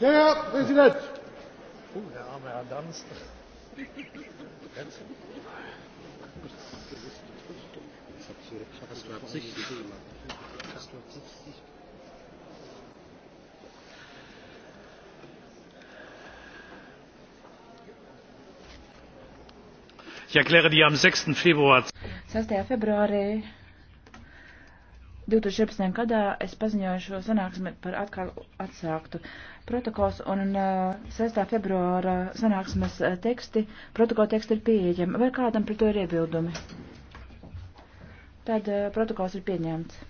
Ja, ja, president. Oeh, de arme Herr Dans. Ich erkläre die am 6. Februar. 6. Februar 2014. gadā es paziņoju šo sanāksmi par atkal atsāktu protokols un uh, 6. februāra sanāksmes uh, teksti, protokola teksti ir pieejami. Vai kādam par to ir iebildumi? Tad uh, protokols ir pieņemts.